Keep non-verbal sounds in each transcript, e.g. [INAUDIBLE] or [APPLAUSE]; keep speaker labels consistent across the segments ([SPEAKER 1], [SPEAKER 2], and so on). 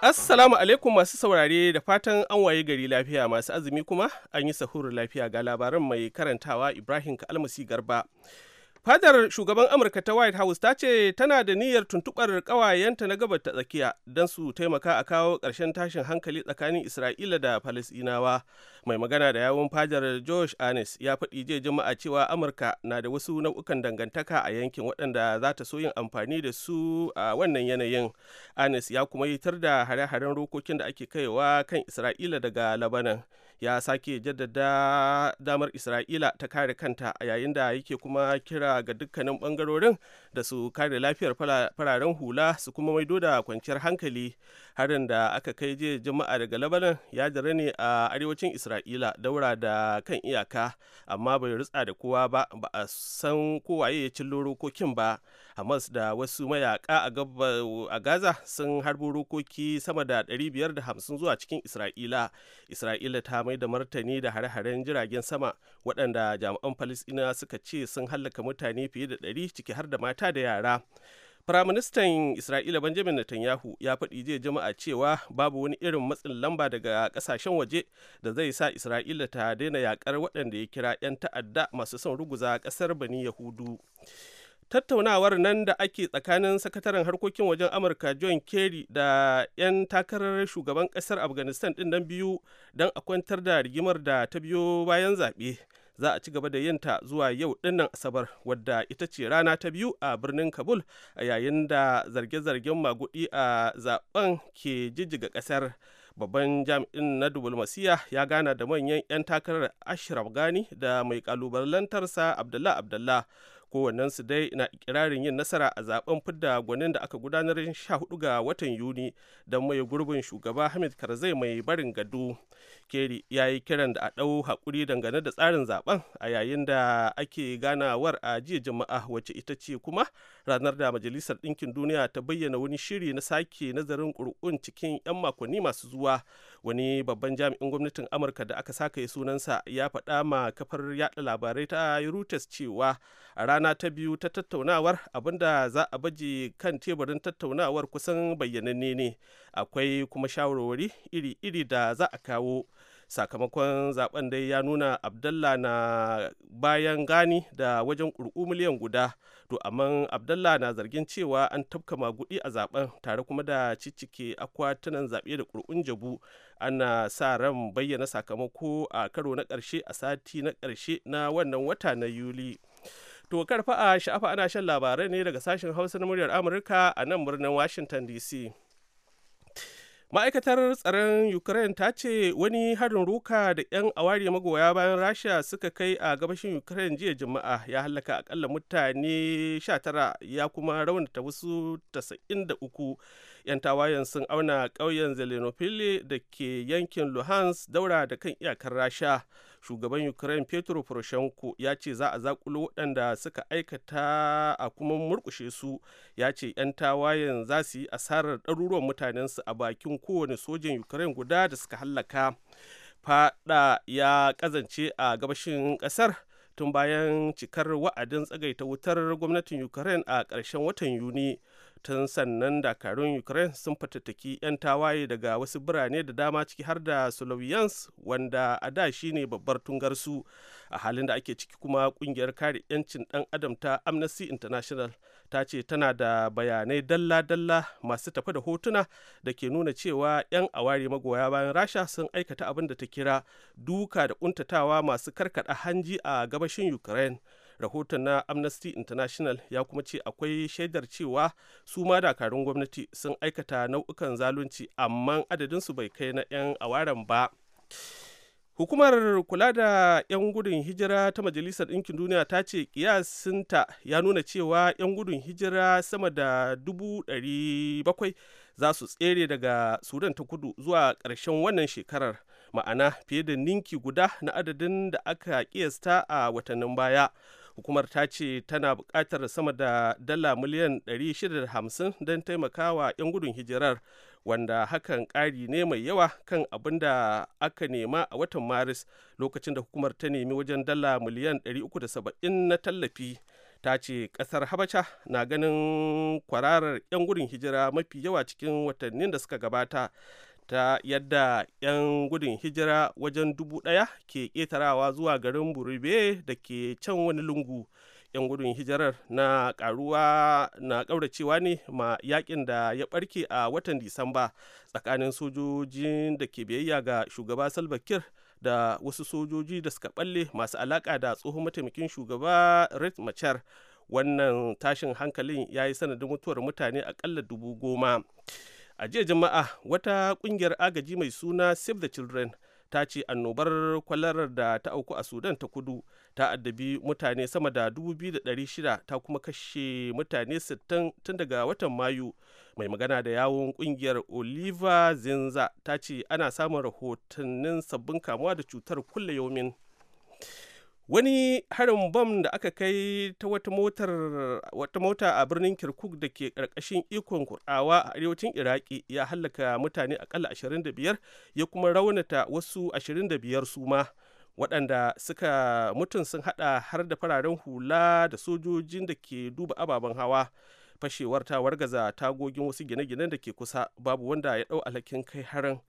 [SPEAKER 1] Assalamu alaikum masu saurare da fatan an waye gari lafiya masu azumi kuma an yi sahurin lafiya ga labaran mai karantawa Ibrahim Kalmasi Garba. Fadar shugaban Amurka ta White House ta ce tana da niyyar tuntuɓar ƙawayenta na gabar ta tsakiya don su taimaka a kawo ƙarshen tashin hankali tsakanin Isra'ila da Falasɗinawa. Mai magana da yawun fadar Josh annis ya faɗi jiya jama'a cewa Amurka na da wasu nau'ukan dangantaka a yankin waɗanda za ta so yin amfani da su a wannan yanayin. Anes ya kuma yitar da hare-haren rokokin da ake kaiwa kan Isra'ila daga Labanan. ya sake jaddada damar isra'ila ta kare kanta a yayin da yake kuma kira ga dukkanin bangarorin da su kare lafiyar fararen hula su kuma maido da kwanciyar hankali harin da aka kai je jama'a daga labanan ya jira ne a arewacin isra'ila daura da kan iyaka amma bai rutsa da kowa ba ba a san kowaye ya cillo rokokin ba hamas da wasu mayaka a gaza sun harbo rokoki sama da 550 zuwa cikin isra'ila isra'ila ta mai da martani da hare-haren jiragen sama waɗanda jami'an Falasɗina suka ce sun hallaka mutane fiye da ɗari ciki har da mata da yara. Firaministan Isra'ila Benjamin Netanyahu ya faɗi jiya jama'a cewa babu wani irin matsin lamba daga ƙasashen waje da zai sa Isra'ila ta daina yakar waɗanda ya kira 'yan ta'adda masu son ruguza ƙasar Bani Yahudu. tattaunawar nan da ake tsakanin sakataren harkokin wajen amurka john kerry da 'yan takarar shugaban kasar afghanistan din nan biyu don a kwantar da rigimar da ta biyo bayan zaɓe za a ci gaba da yinta zuwa yau dinnan asabar wadda ita ce rana ta biyu a birnin kabul a yayin da zarge-zargen magudi a zaben ke jijjiga kasar babban jami'in na dubulmasiya ya gana da manyan 'yan takarar ashraf gani da mai kalubalantarsa abdullah abdullah kowannensu dai na ikirarin yin nasara a zaben fidda gwanin da aka gudanar 14 ga watan yuni don mai gurbin shugaba hamid karzai mai barin gado keri ya yi kiran da a ɗau haƙuri dangane da tsarin zaben a yayin da ake ganawar a jiya jama'a wacce ita ce kuma ranar da majalisar ɗinkin duniya ta bayyana wani shiri na sake nazarin ƙuri'un cikin 'yan makonni masu zuwa wani babban jami'in gwamnatin amurka da aka saka sunansa ya faɗa ma kafar yada labarai ta reuters cewa a rana ta biyu ta tattaunawar abinda za a baje kan teburin tattaunawar kusan bayyananne ne akwai kuma shawarwari iri-iri da za a kawo sakamakon zaben dai ya nuna abdallah na bayan gani da wajen ƙurƙu miliyan guda to amma abdallah na zargin cewa an tafka magudi a zaben tare kuma da ciccike akwatunan zaɓe da ƙurƙun jabu ana sa ran bayyana sakamako a karo na ƙarshe a sati na ƙarshe na wannan wata na yuli to karfa a sha'afa ana shan labarai ne daga sashen hausa na muryar amurka a nan birnin washington dc ma'aikatar tsaron ukraine ta ce wani harin ruka da 'yan aware magoya bayan rasha suka kai a gabashin ukraine jiya juma'a ya halaka akalla mutane 19 ya kuma raunata wasu 93 'yan tawayen sun auna ƙauyen zelenopile da ke yankin luhansk daura da kan iyakar rasha shugaban ukraine petro poroshenko ya ce za a zakulo waɗanda suka aikata a kuma murkushe su ya ce 'yan tawayen za su yi asarar ɗaruruwan mutanensu a bakin kowane sojan ukraine guda da suka hallaka fada ya kazance a gabashin ƙasar tun bayan cikar wa'adin tsagaita wutar gwamnatin ukraine a ƙarshen watan yuni tun sannan dakarun ukraine sun fatattaki 'yan tawaye daga wasu birane da dama ciki har da slovians wanda a da shi ne babbar tungarsu a halin da ake ciki kuma kungiyar kare 'yancin dan adam ta amnesty international ta ce tana da bayanai dalla-dalla masu tafi da hotuna da ke nuna cewa 'yan aware magoya bayan rasha sun aikata abin da ta kira duka da kuntatawa masu karkada hanji a gabashin ukraine rahoton na amnesty international ya kuma ce akwai shaidar cewa su ma dakarun gwamnati sun aikata nau'ukan zalunci amma adadinsu bai kai na 'yan awaren ba hukumar kula da 'yan gudun hijira ta majalisar ɗinkin duniya ta ce kiyasinta ya nuna cewa 'yan gudun hijira sama da 700 za su tsere daga sudan ta kudu zuwa ƙarshen wannan shekarar ma'ana fiye da ninki guda na adadin da aka kiyasta a watannin baya hukumar ta ce tana bukatar sama da dala miliyan 650 don taimakawa 'yan gudun hijirar wanda hakan ƙari ne mai yawa kan abin da aka nema a watan maris lokacin da hukumar ta nemi wajen dala miliyan 370 na tallafi ta ce ƙasar habasha na ganin kwararar 'yan gudun hijira mafi yawa cikin watannin da suka gabata ta yadda 'yan gudun hijira wajen dubu daya ke ƙetarawa zuwa garin burube da ke can wani lungu 'yan gudun hijirar na karuwa na ƙauracewa ne ma yakin da ya barke a watan disamba tsakanin sojojin da ke biyayya ga shugaba salva da wasu sojoji da suka balle masu alaka da tsohon mataimakin shugaba red machar wannan tashin hankalin ya yi sanadin mutuwar mutane akalla dubu goma a jiya jama'a wata kungiyar agaji mai suna save the children ta ce annobar kwalarar da ta auku a sudan ta kudu ta addabi mutane sama da 2,600 ta kuma kashe mutane 60 tun daga watan mayu mai magana da yawon kungiyar oliva zinza ta ce ana samun rahotannin sabbin kamuwa da cutar kulle yomin wani harin bam da aka kai ta wata mota a birnin kirkuk da ke karkashin ikon kur'awa a arewacin iraki ya hallaka mutane akalla 25 ya kuma raunata wasu 25 su ma waɗanda suka mutun sun hada har da fararen hula da sojojin da ke duba ababen hawa fashewar ta wargaza tagogin wasu gine-ginen da ke kusa babu wanda ya ɗau alhakin kai harin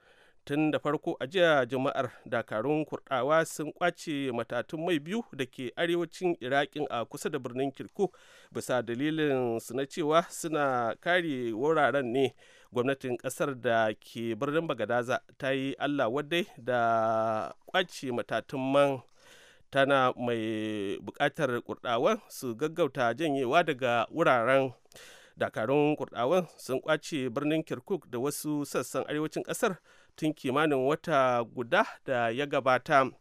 [SPEAKER 1] tun da farko a jiya juma'ar dakarun kurdawa sun kwace matatun mai biyu da ke arewacin irakin a kusa da birnin kirku bisa dalilin su na cewa suna kare wuraren ne gwamnatin ƙasar da ke birnin bagadaza ta yi allah wadai da kwace matatun man tana mai buƙatar kurdawa su gaggauta janyewa daga wuraren dakarun kurdawan sun kwace birnin kirkuk da wasu sassan arewacin ƙasar. tun kimanin wata guda da ya gabata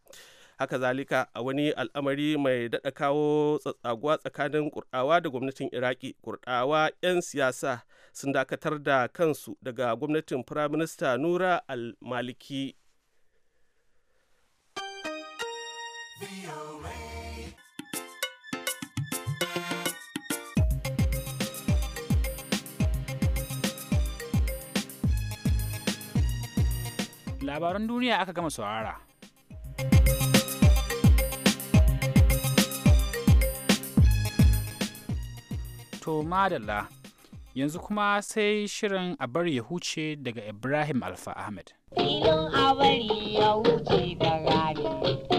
[SPEAKER 1] haka zalika a wani al'amari mai daɗa kawo tsatsaguwa tsakanin kurɗawa da gwamnatin iraki kurɗawa 'yan siyasa sun dakatar da kansu daga gwamnatin firaminista nura al-maliki
[SPEAKER 2] labaran duniya aka gama saurara. To madalla yanzu kuma sai shirin a bari ya huce daga Ibrahim Alfa Ahmed.
[SPEAKER 3] Filin a bari ya huce da rani.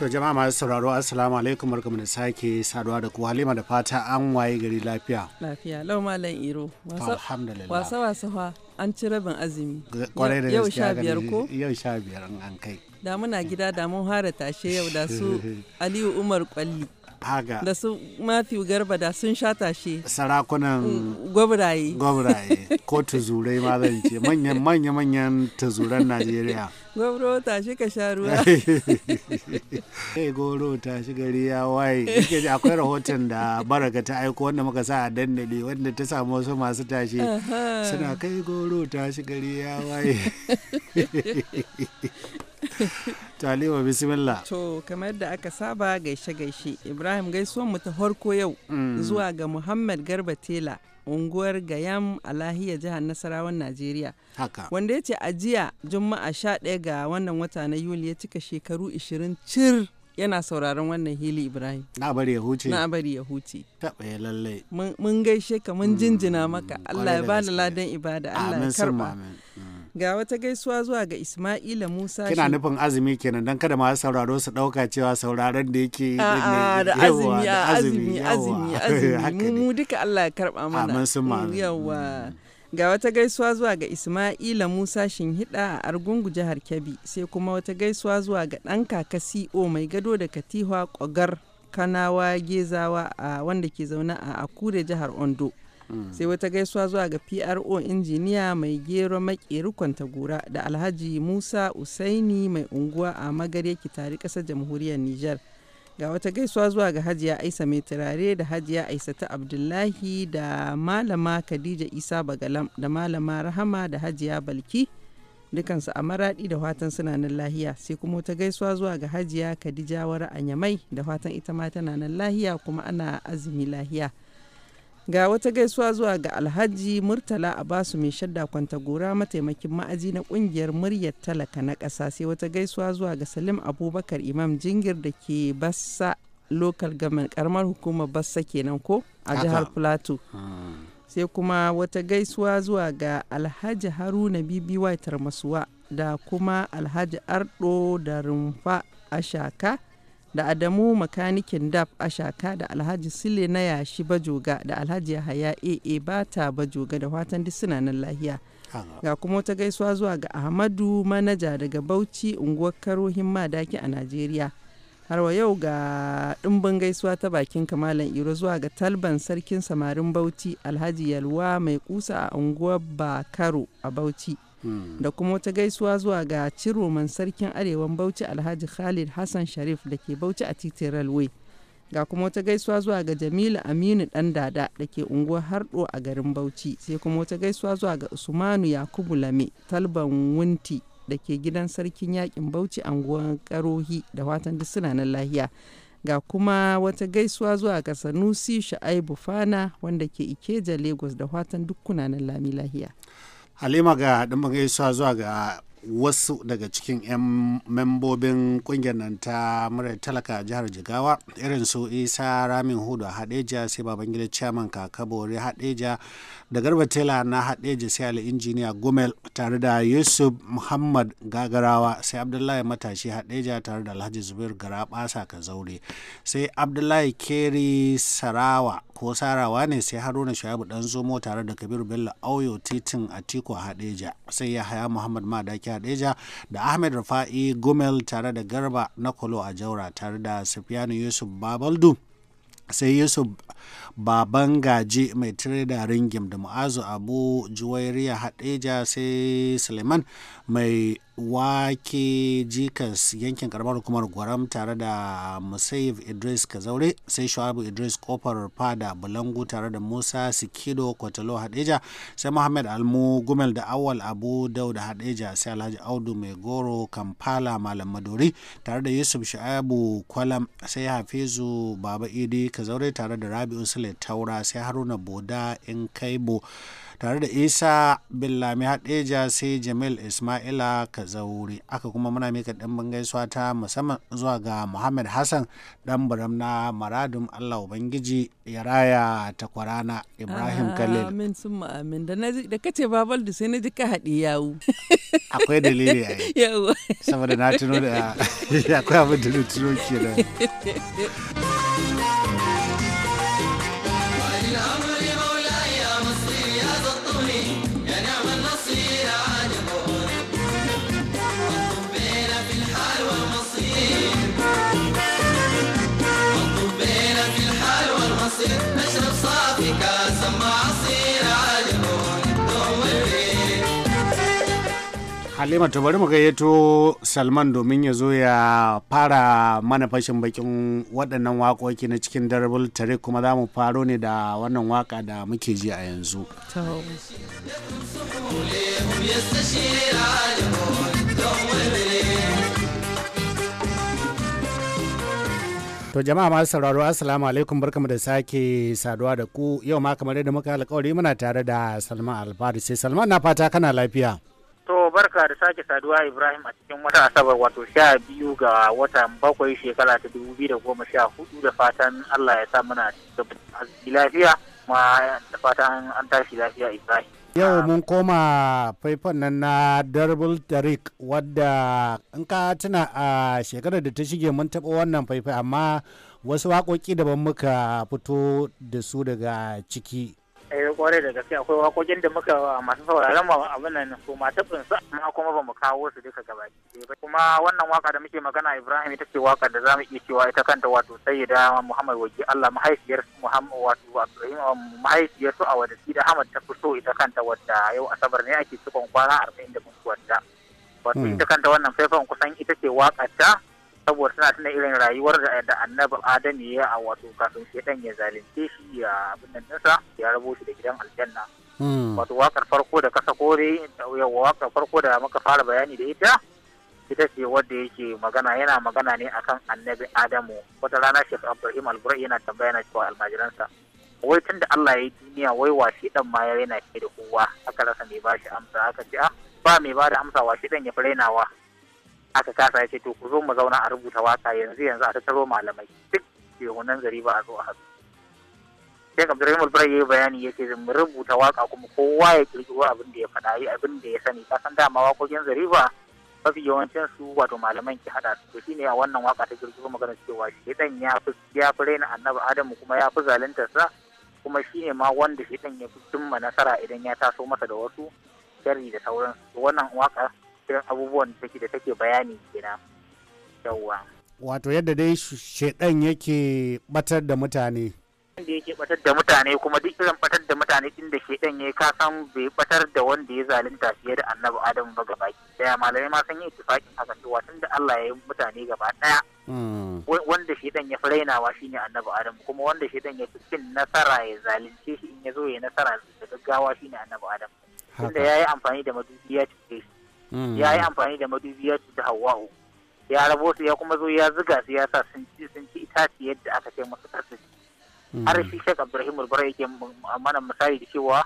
[SPEAKER 4] To jama'a masu sauraro assalamu alaikum barkamu da sake saduwa da ku Halima da fata an waye gari lafiya.
[SPEAKER 5] Lafiya lau malam Iro. Alhamdulillah. Wasa wasa fa an ci rabin azumi. Kwarai da yau sha biyar ko?
[SPEAKER 4] Yau sha biyar an kai.
[SPEAKER 5] Da muna gida da mun hara tashe yau da su [LAUGHS] Aliyu Umar Kwalli. Haga. Da su Matthew Garba da sun sha tashe. Sarakunan. Mm, Gwabraye. Gwabraye.
[SPEAKER 4] Ko tuzurai ma zan ce. Manyan manyan manyan tuzuran Najeriya. [LAUGHS]
[SPEAKER 5] gwauro ta shi ka sha ruwa [LAUGHS] eh
[SPEAKER 4] goro ta shi gari ya waye akwai rahoton da baraka ta aiko wanda muka sa a dandali wanda ta samu wasu masu tashi suna kai goro ta shi gari ya waye [LAUGHS] Taliwa bismillah.
[SPEAKER 5] To kamar da aka saba gaishe gaishe Ibrahim gaisuwan mu ta farko yau mm. zuwa ga Muhammad Garba Tela unguwar Gayam a lahiyar jihar Nasarawan Najeriya. Haka. Wanda ya ce a jiya Juma'a 11 ga wannan wata na Yuli ya cika shekaru 20 cir yana sauraron wannan hili Ibrahim.
[SPEAKER 4] Na bari ya huce. Na bari ya huce. taba ya lallai.
[SPEAKER 5] Mun gaishe ka mun jinjina maka. Mm, Allah ya bani ladan ibada. Allah ya karba Amin. Ga wata gaisuwa zuwa ga Ismaila Musa. Kina nufin
[SPEAKER 4] azumi kenan dan kada masu sauraro su dauka cewa sauraron da yake da azumi azumi azumi [LAUGHS]
[SPEAKER 5] azumi mu duka Allah ya karba mana. Amin sun ma. Yawa. Mm. Ga wata gaisuwa zuwa ga Ismaila Musa Shinhida a Argungu jihar Kebbi sai kuma wata gaisuwa zuwa ga dan kaka CO e mai gado da Katihwa Kogar Kanawa Gezawa a wanda ke zaune a Akure jihar Ondo. sai wata gaisuwa zuwa ga pro injiniya mai gero makeri kwantagora da alhaji musa usaini mai unguwa a magarya tari ƙasar jamhuriyar niger ga wata gaisuwa zuwa ga hajiya aisa mai turare da hajiya aisa ta abdullahi da malama khadija isa bagalam da malama rahama da hajiya balki dukansu a maraɗi da watan suna nan lahiya sai kuma wata gaisuwa zuwa ga hajiya khadija wara anyamai da watan ita ma tana nan lahiya kuma ana azumi lahiya Ga wata gaisuwa zuwa ga Alhaji Murtala a Abasu mai shadda kwanta gora mataimakin ma'aji na kungiyar muryar talaka na ƙasa sai wata gaisuwa zuwa ga Salim Abubakar Imam Jingir da ke Bassa local government karamar hukumar Bassa kenan ko a jihar Plateau. Ah. Sai kuma wata gaisuwa zuwa ga Alhaji Haruna Bibi Tarmasuwa da kuma Alhaji Ardo da Rumfa Ashaka. da Adamu makanikin DAP a shaka da Alhaji sile na yashi bajoga da Alhaji Yahaya AA bata bajoga da watan duk suna nan lahiya. Ga kuma wata gaisuwa zuwa ga Ahmadu manaja daga Bauchi unguwar Karohin Madaki a Najeriya. har wa yau ga ɗimbin gaisuwa ta bakin kamalan iro zuwa ga talban sarkin samarin bauchi alhaji yalwa mai kusa a unguwar bakaro a bauchi Hmm. da kuma wata gaisuwa zuwa ga ciroman sarkin arewan bauchi alhaji khalid hassan sharif da ke bauchi a titin railway ga kuma wata gaisuwa zuwa ga jamilu aminu dan dada da ke unguwar hardo a garin bauchi sai kuma wata gaisuwa zuwa ga usmanu yakubu lame talban wunti da ke gidan sarkin yakin bauchi unguwar karohi da watan duk suna nan lahiya ga kuma wata gaisuwa zuwa ga sanusi sha'ai fana wanda ke ikeja lagos da watan duk kuna lami lahiya
[SPEAKER 4] halima ga ɗin gaisuwa zuwa ga wasu daga cikin 'yan membobin kungiyar nan ta murar talaka jihar jigawa irin su isa ramin hudu a hadeja sai babangida chairman kakabori hadeja da garba tela na hadeja sai ali injiniya gumel tare da yusuf muhammad gagarawa sai abdullahi matashi hadeja tare da alhaji zubair ka zaure sai abdullahi keri sarawa ko sarawa ne sai haruna shayabu dan zomo tare da kabiru bello auyo titin atiku hadeja sai ya haya muhammad madaki hadeja da ahmed rafa'i Gomel tare da garba na kolo a jaura tare da sufiyanu yusuf babaldu sai yusuf baban gaji mai da ringim da mu'azu abu juwairiya hadeja sai suleiman mai wake jikas yankin karamar hukumar gwaram tare da musayif idris kazaure sai shu'abu idris kofar fada bulangu tare da musa sikido kwatalo hadeja sai muhammad almu gumel da awal abu dauda hadeja sai alhaji audu mai goro kampala malam maduri tare da yusuf shu'abu kwalam sai hafizu baba idi kazaure tare da rabi rabi'u taura sai haruna boda in kaibo tare da isa bin lami hadeja sai jamil ismaila kazauri aka kuma muna mika dan gaisuwa ta musamman zuwa ga muhammad hassan dan buram na maradun allah ubangiji ya raya ta kwarana ibrahim ah, khalil amin
[SPEAKER 5] sun amin da kace babal da sai na ji ka haɗe yawu [LAUGHS] akwai dalili a yi [LAUGHS]
[SPEAKER 4] saboda na tuno da [LAUGHS] akwai abin da tuno kenan halima to bari mu gayyato salman domin ya zo ya fara mana fashin bakin waɗannan waƙoƙi na cikin darbul tare kuma za mu faro ne da wannan waƙa da muke ji a yanzu To jama'a masu sauraro assalamu alaikum barkamu da sake saduwa da ku yau ma kamar yadda muka alƙawari muna tare da Salman Alfaru sai Salman na fata kana lafiya.
[SPEAKER 3] To barka da sake saduwa Ibrahim a cikin wata asabar wato sha biyu ga watan bakwai shekara ta dubu biyu da goma sha hudu da fatan Allah ya sa muna lafiya ma da fatan an tashi lafiya Ibrahim.
[SPEAKER 4] Yau mun koma faifan nan na Darbul Tariq wadda in ka tuna a shekarar da ta shige mun taɓa wannan faifai amma wasu waƙoƙi daban muka fito da su daga ciki
[SPEAKER 3] eh kware da gaske akwai wakokin da muka masu sauraron mu abin nan su ma tabin su amma kuma bamu kawo su duka gaba ba kuma wannan waka da muke magana Ibrahim ita ce waka da zamu iya cewa ita kanta wato sayyida Muhammad Waji Allah mahaifiyar Muhammad wato wato eh, mahaifiyar su a wadda da Ahmad ta fito ita kanta wadda yau asabar ne ake cikin kwana 40 da mutuwar ta wato hmm. ita kanta wannan faifan kusan ita ce waka ta saboda tana tuna irin rayuwar da annabi adam ya a wato kafin shedan ya zalunce shi ya abin nasa ya rabo shi da gidan aljanna hmm. wato wakar farko da kasa kore yawa wakar farko da muka fara bayani da ita ita ce wadda yake magana yana magana ne akan annabi adamu wata rana shek ibrahim alburai yana tambaya na cewa almajiransa wai tun da allah ya yi duniya wai washe dan ma ya yana shi da kowa aka rasa mai ba shi amsa aka ce ah, ba mai ba da amsa washe dan ya fi rainawa aka kasa ya ce to ku zo mu zauna a rubuta waka yanzu yanzu a tattaro malamai duk shehunan gari ba a zo a haɗu sai abdurrahim albarai ya yi bayani ya ce mu rubuta waka kuma kowa ya kirkiro abin da ya faɗa yi abin da ya sani ka san dama waƙoƙin zariba mafi yawancin su wato malaman ki haɗa su ne a wannan waka ta kirkiro magana cewa ɗan ya fi ya fi raina annabi adamu kuma ya fi zalunta sa kuma shi ne ma wanda shi ɗan ya fi cimma nasara idan ya taso masa da wasu sharri da sauransu wannan waka kiran abubuwan da take da take bayani kenan yawwa
[SPEAKER 4] wato yadda dai shaidan yake batar da mutane
[SPEAKER 3] da yake batar da mutane kuma duk irin batar da mutane inda shaidan ya ka san bai batar da wanda ya zalunta fiye da annabi adamu ba gaba daya malamai ma san yi ittifaqin haka cewa tunda Allah ya yi mutane gaba daya hmm. wanda shaidan ya fi rainawa shine annabi adam kuma wanda shaidan ya fi cin nasara ya zalunce shi in ya zo ya nasara da gaggawa shine annabi adamu tunda ya amfani da madubi ya cike shi Mm. ya yi amfani da madubi ya cuci hawa'u ya rabo su ya kuma zo ya zuga su ya sa sun ci sun ci itaci yadda aka ce musu kasu mm. har shi shek abdurrahim murbar yake mana misali da cewa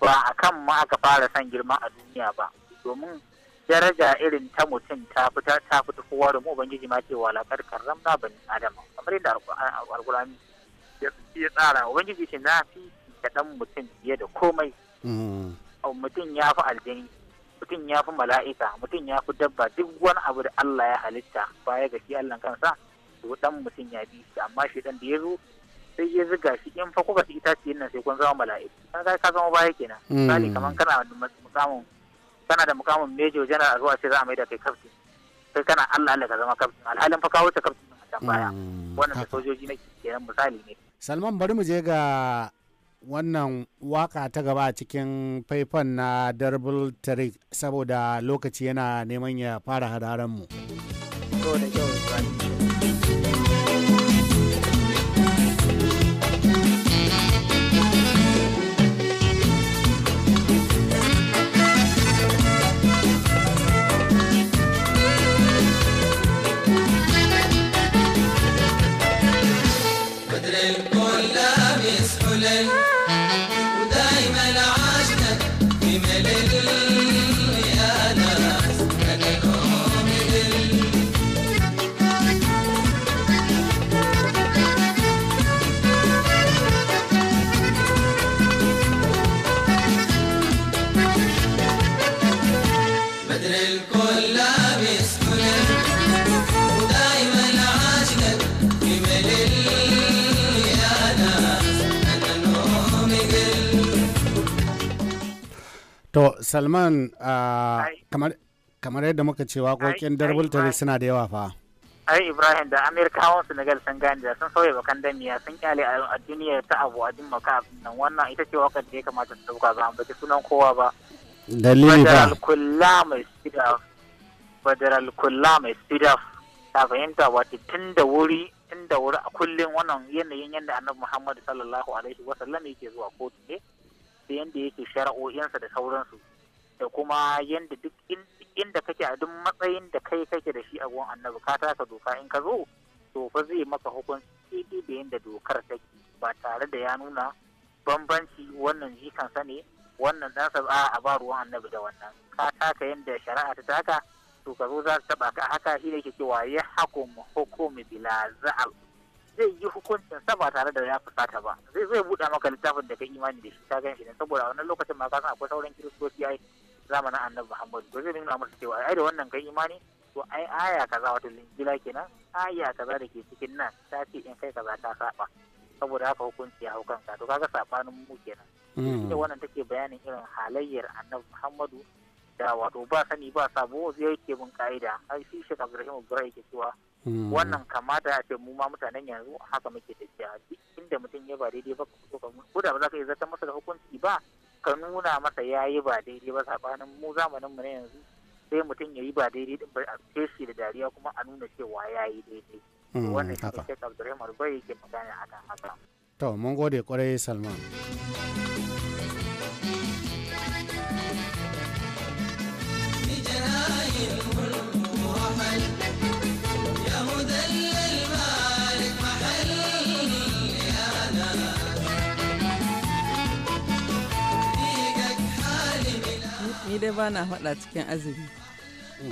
[SPEAKER 3] ba a kan ma aka fara san girma a duniya ba domin daraja irin ta mutum ta fita ta fita kowa da mu ubangiji ma cewa lakar na ban adam kamar yadda alqur'ani ya tsara ubangiji shi na fi da dan mutum fiye da komai mm. mutum ya fi aljini mutum ya fi mala'ika mutum ya fi dabba duk wani abu da Allah ya halitta baya ga shi Allah kansa to dan mutum ya bi shi amma shi dan da ya zo sai ya ziga shi in fa kuka ci itaciyen nan sai kun zama mala'ika kan ka zama baya kenan hmm. misali kaman kana da mukamin kana da mukamin major general zuwa sai za a mai da kai captain sai kana Allah Allah ka zama captain alhalin fa ka wuce captain a can baya hmm,
[SPEAKER 6] wannan sojoji na kenan misali ne
[SPEAKER 4] Salman bari mu je ga wannan waka ta gaba a cikin faifan na darbul tarik saboda lokaci yana neman ya fara hararen mu. salman kamar kamar yadda muka ce waƙoƙin darbultari suna da yawa fa
[SPEAKER 3] ai ibrahim da amerikawan senegal sun gane da sun sauya bakan damiya sun kyale a duniya ta abu a maka nan wannan ita ce wakar da ya kamata ta dauka ba baki sunan kowa ba dalili ba federal kula mai sidaf badar kulla mai ta fahimta tun da wuri tun da wuri a kullum wannan yanayin yadda annabi muhammadu sallallahu alaihi wasallam yake zuwa kotu ne da yadda yake shara'o'insa da sauransu da kuma yadda duk inda kake a duk matsayin da kai kake da shi a gwan annabi ka taka doka in ka zo to fa zai maka hukunci daidai da yadda dokar take ba tare da ya nuna bambanci wannan jikansa ne wannan ɗansa ba a ba ruwan annabi da wannan ka taka yadda shari'a ta taka to ka zo za ta taba ka haka shi yake cewa ya hukum hukumi bila za'al zai yi hukuncin sa ba tare da ya fusata ba zai zai buɗa maka littafin da ka imani da shi ka gan shi ne saboda a wannan lokacin ma ka san akwai sauran kiristoci ai zamanin annabi muhammadu ba zai nuna masa cewa ai da wannan kai imani to ai aya kaza wato linjila kenan aya kaza da ke cikin nan ta ce in kai kaza ta saba saboda haka hukunci ya hau kanka to kaga sabanin mu kenan mm. ita wannan take bayanin irin halayyar annabi muhammadu da wato ba sani ba sabo zai yake bin ka'ida ai shi shi abdurrahim ibrahim yake cewa mm. wannan kamata a ce mu ma mutanen yanzu haka muke tafiya inda mutum ya ba daidai ba ko da ba za ka yi zata masa da hukunci ba ka nuna masa ya yi ba daidai ba sabanin mu zamanin mu na yanzu sai mutum ya yi ba daidai din ba a shi da dariya kuma a nuna cewa ya yi daidai
[SPEAKER 6] hmm, wannan shi ne Sheikh Abdulrahman Rubai yake magana akan haka
[SPEAKER 4] to mun gode kwarai Salman
[SPEAKER 6] Ya mudalla
[SPEAKER 5] dai ba na faɗa cikin azumi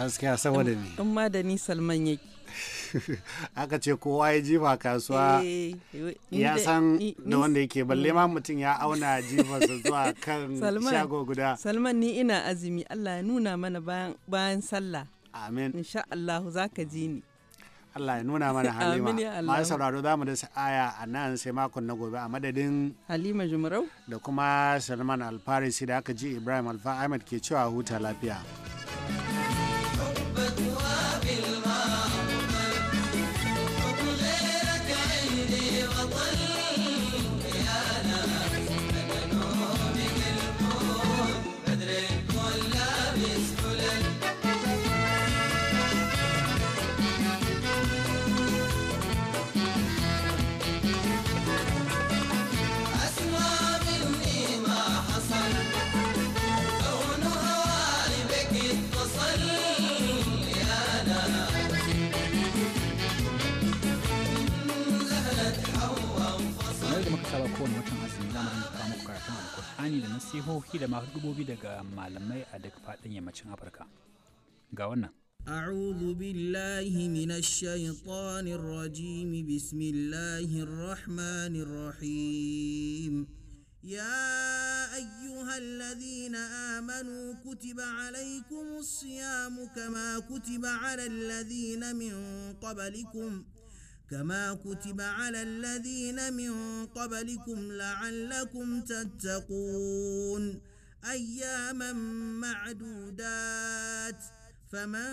[SPEAKER 4] gaskiya saboda ne
[SPEAKER 5] in ma da ni salman ke. [LAUGHS]
[SPEAKER 4] aka ce kowa ya jifa kasuwa
[SPEAKER 5] eh, ya san da
[SPEAKER 4] wanda yake balle ma
[SPEAKER 5] mutum ya auna [LAUGHS] jifarsa zuwa
[SPEAKER 4] kan shago guda
[SPEAKER 5] salman ni ina azumi allah ya nuna mana bayan sallah amin insha allahu za ka ji ni
[SPEAKER 4] Allah ya nuna mana [LAUGHS] halima masu sauraro za mu da sa'aya a nan sai makon na gobe a madadin halima jumarau da kuma salman alfarisi da aka ji ibrahim alfa ahmed ke cewa huta lafiya
[SPEAKER 2] karatun alkur'ani da nasihohi da mahudubobi daga malamai a duk faɗin yammacin afirka ga wannan
[SPEAKER 7] أعوذ بالله من الشيطان الرجيم بسم الله الرحمن الرحيم يا أيها الذين آمنوا كتب عليكم الصيام كما كتب على الذين من قبلكم كما كتب على الذين من قبلكم لعلكم تتقون اياما معدودات فمن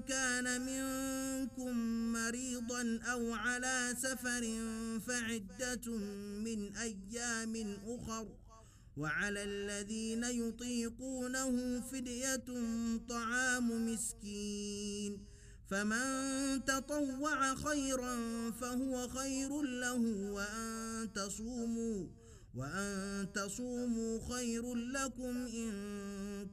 [SPEAKER 7] كان منكم مريضا او على سفر فعده من ايام اخر وعلى الذين يطيقونه فديه طعام مسكين فمن تطوع خيرا فهو خير له وان تصوموا وان تصوموا خير لكم ان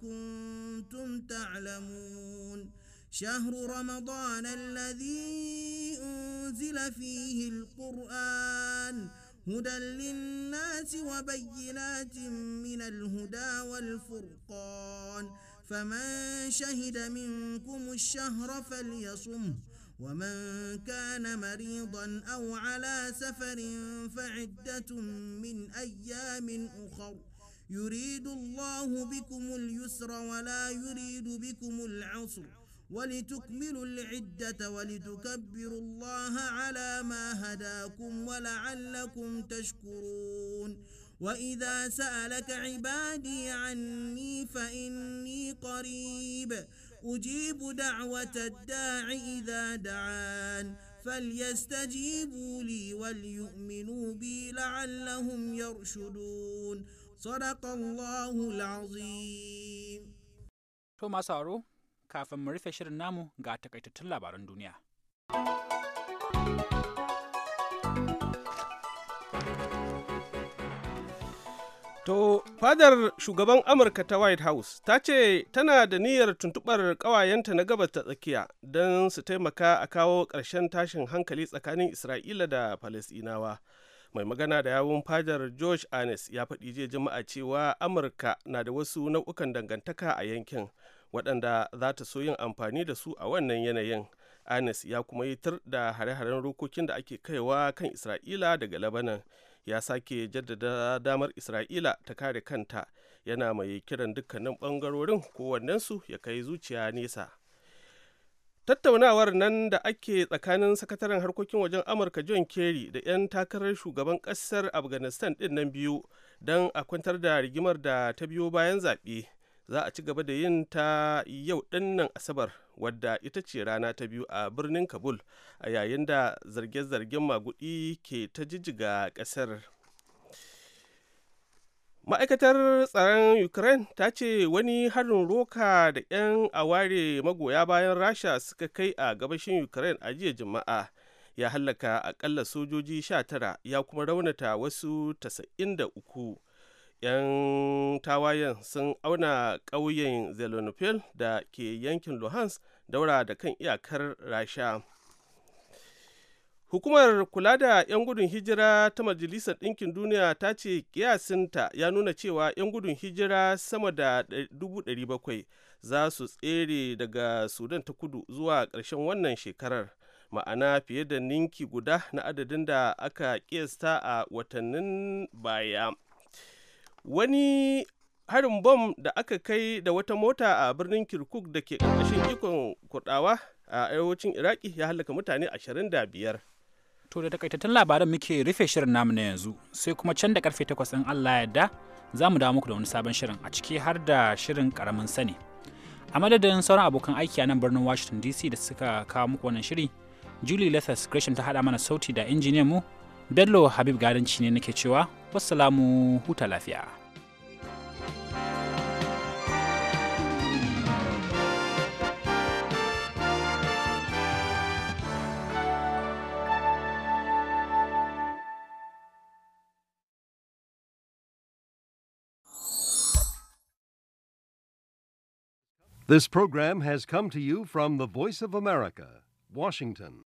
[SPEAKER 7] كنتم تعلمون شهر رمضان الذي انزل فيه القران هدى للناس وبينات من الهدى والفرقان فمن شهد منكم الشهر فليصم ومن كان مريضا او على سفر فعده من ايام اخر يريد الله بكم اليسر ولا يريد بكم العسر ولتكملوا العدة ولتكبروا الله على ما هداكم ولعلكم تشكرون وإذا سألك عبادي عني فإني قريب أجيب دعوة الداع إذا دعان فليستجيبوا لي وليؤمنوا بي لعلهم يرشدون صدق الله العظيم to masu kafin mu
[SPEAKER 2] rufe shirin namu ga takaitattun labaran duniya.
[SPEAKER 1] To, fadar shugaban Amurka ta White House ta ce tana da niyyar tuntuɓar ƙawayenta na gabas ta tsakiya don su taimaka a kawo ƙarshen tashin hankali tsakanin Isra'ila da Falasɗinawa. Mai magana da yawun fadar George Arnes ya faɗi jiya jama'a cewa Amurka na da wasu nau'ukan dangantaka a yankin waɗanda za ta so yin amfani da su a wannan yanayin. Arnes ya kuma yi tur da hare-haren rokokin da ake kaiwa kan Isra'ila daga Lebanon. ya sake jaddada damar isra'ila ta kare kanta yana mai kiran dukkanin bangarorin kowannensu ya kai zuciya nesa tattaunawar nan da ake tsakanin sakataren harkokin wajen amurka john kerry da 'yan takarar shugaban kasar afghanistan din nan biyu don a kwantar da rigimar da ta biyo bayan zaɓe za a ci gaba da yin ta yau dinnan asabar wadda ita ce rana ta biyu a birnin kabul a yayin da zarge-zargen magudi ke ta jijjiga ƙasar ma'aikatar tsaron ukraine ta ce wani harin roka da 'yan aware magoya bayan rasha suka kai a gabashin ukraine a jiya juma'a ya hallaka akalla sojoji 19 ya kuma raunata wasu 93 'yan tawayen sun auna ƙauyen zelenopil da ke yankin luhansk daura da kan iyakar rasha hukumar kula da 'yan gudun hijira ta majalisar ɗinkin duniya ta ce kiyasinta ya nuna cewa 'yan gudun hijira sama da 700,000 za su tsere daga sudan ta kudu zuwa ƙarshen wannan shekarar ma'ana fiye da ninki guda na adadin da aka kiyasta a watannin baya wani harin bom da aka kai da wata mota a birnin kirkuk da ke ƙarƙashin ikon kurɗawa a arewacin iraki ya halaka mutane 25 to da takaitattun
[SPEAKER 2] labaran muke rufe shirin namu na yanzu sai kuma can da karfe 8 in allah yadda za mu dawo muku da wani sabon shirin a ciki har da shirin karamin sani a madadin sauran abokan aiki a nan birnin washington dc da suka kawo muku wannan shiri julie lethas gresham ta hada mana sauti da injiniyan mu bello habib gadanci ne nake cewa wassalamu huta lafiya
[SPEAKER 6] This program has come to you from the Voice of America, Washington.